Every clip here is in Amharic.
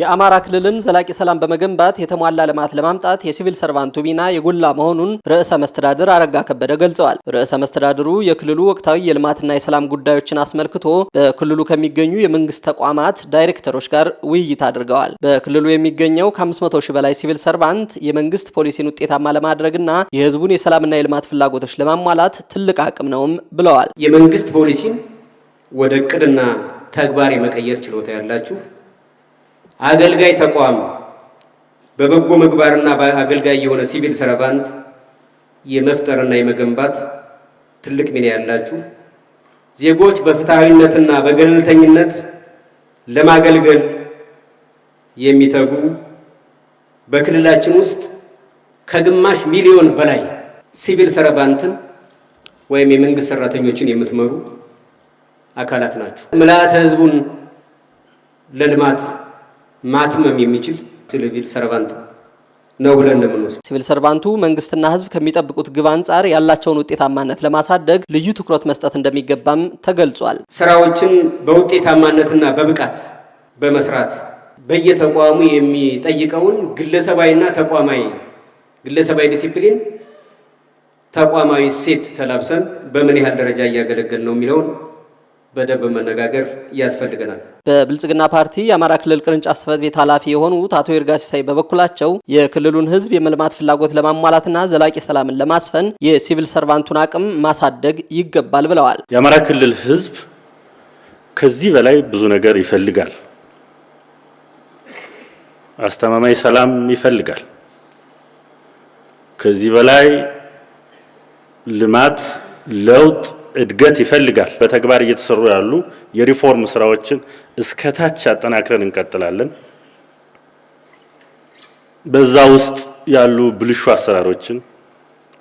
የአማራ ክልልን ዘላቂ ሰላም በመገንባት የተሟላ ልማት ለማምጣት የሲቪል ሰርቫንቱ ሚና የጎላ መሆኑን ርዕሰ መስተዳድር አረጋ ከበደ ገልጸዋል። ርዕሰ መስተዳድሩ የክልሉ ወቅታዊ የልማትና የሰላም ጉዳዮችን አስመልክቶ በክልሉ ከሚገኙ የመንግስት ተቋማት ዳይሬክተሮች ጋር ውይይት አድርገዋል። በክልሉ የሚገኘው ከ500 ሺህ በላይ ሲቪል ሰርቫንት የመንግስት ፖሊሲን ውጤታማ ለማድረግና የህዝቡን የሰላምና የልማት ፍላጎቶች ለማሟላት ትልቅ አቅም ነውም ብለዋል። የመንግስት ፖሊሲን ወደ እቅድና ተግባር የመቀየር ችሎታ ያላችሁ አገልጋይ ተቋም በበጎ ምግባርና አገልጋይ የሆነ ሲቪል ሰርቫንት የመፍጠርና የመገንባት ትልቅ ሚና ያላችሁ ዜጎች በፍትሐዊነትና በገለልተኝነት ለማገልገል የሚተጉ በክልላችን ውስጥ ከግማሽ ሚሊዮን በላይ ሲቪል ሰርቫንትን ወይም የመንግስት ሰራተኞችን የምትመሩ አካላት ናችሁ። ምልዓተ ሕዝቡን ለልማት ማትመም የሚችል ሲቪል ሰርቫንት ነው ብለን ነው ሲቪል ሰርቫንቱ መንግስትና ህዝብ ከሚጠብቁት ግብ አንጻር ያላቸውን ውጤታማነት ለማሳደግ ልዩ ትኩረት መስጠት እንደሚገባም ተገልጿል። ስራዎችን በውጤታማነትና በብቃት በመስራት በየተቋሙ የሚጠይቀውን ግለሰባዊና ተቋማዊ ግለሰባዊ ዲሲፕሊን ተቋማዊ ሴት ተላብሰን በምን ያህል ደረጃ እያገለገል ነው የሚለውን በደንብ መነጋገር ያስፈልገናል። በብልጽግና ፓርቲ የአማራ ክልል ቅርንጫፍ ጽህፈት ቤት ኃላፊ የሆኑት አቶ ይርጋ ሲሳይ በበኩላቸው የክልሉን ህዝብ የመልማት ፍላጎት ለማሟላትና ዘላቂ ሰላምን ለማስፈን የሲቪል ሰርቫንቱን አቅም ማሳደግ ይገባል ብለዋል። የአማራ ክልል ህዝብ ከዚህ በላይ ብዙ ነገር ይፈልጋል። አስተማማኝ ሰላም ይፈልጋል። ከዚህ በላይ ልማት፣ ለውጥ እድገት ይፈልጋል። በተግባር እየተሰሩ ያሉ የሪፎርም ስራዎችን እስከታች አጠናክረን እንቀጥላለን። በዛ ውስጥ ያሉ ብልሹ አሰራሮችን፣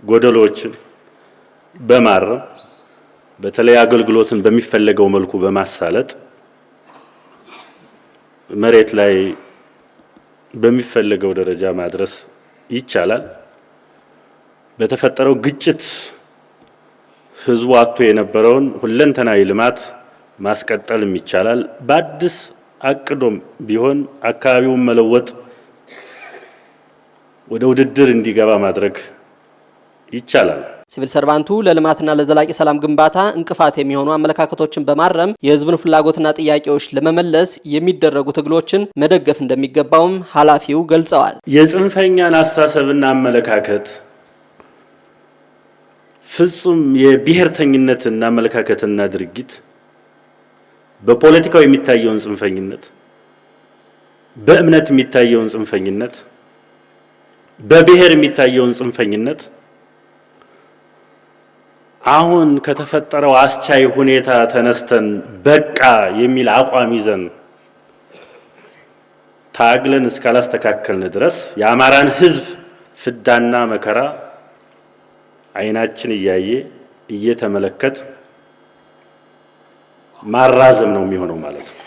ጎደሎችን በማረም በተለይ አገልግሎትን በሚፈለገው መልኩ በማሳለጥ መሬት ላይ በሚፈለገው ደረጃ ማድረስ ይቻላል። በተፈጠረው ግጭት ህዝቡ አጥቶ የነበረውን ሁለንተናዊ ልማት ማስቀጠልም ይቻላል። በአዲስ አቅዶም ቢሆን አካባቢውን መለወጥ ወደ ውድድር እንዲገባ ማድረግ ይቻላል። ሲቪል ሰርቫንቱ ለልማትና ለዘላቂ ሰላም ግንባታ እንቅፋት የሚሆኑ አመለካከቶችን በማረም የህዝብን ፍላጎትና ጥያቄዎች ለመመለስ የሚደረጉ ትግሎችን መደገፍ እንደሚገባውም ኃላፊው ገልጸዋል። የጽንፈኛን አስተሳሰብና አመለካከት ፍጹም የብሔርተኝነትና አመለካከትና ድርጊት በፖለቲካው የሚታየውን ጽንፈኝነት፣ በእምነት የሚታየውን ጽንፈኝነት፣ በብሔር የሚታየውን ጽንፈኝነት አሁን ከተፈጠረው አስቻይ ሁኔታ ተነስተን በቃ የሚል አቋም ይዘን ታግለን እስካላስተካከልን ድረስ የአማራን ሕዝብ ፍዳና መከራ አይናችን እያየ እየተመለከት ማራዘም ነው የሚሆነው ማለት ነው።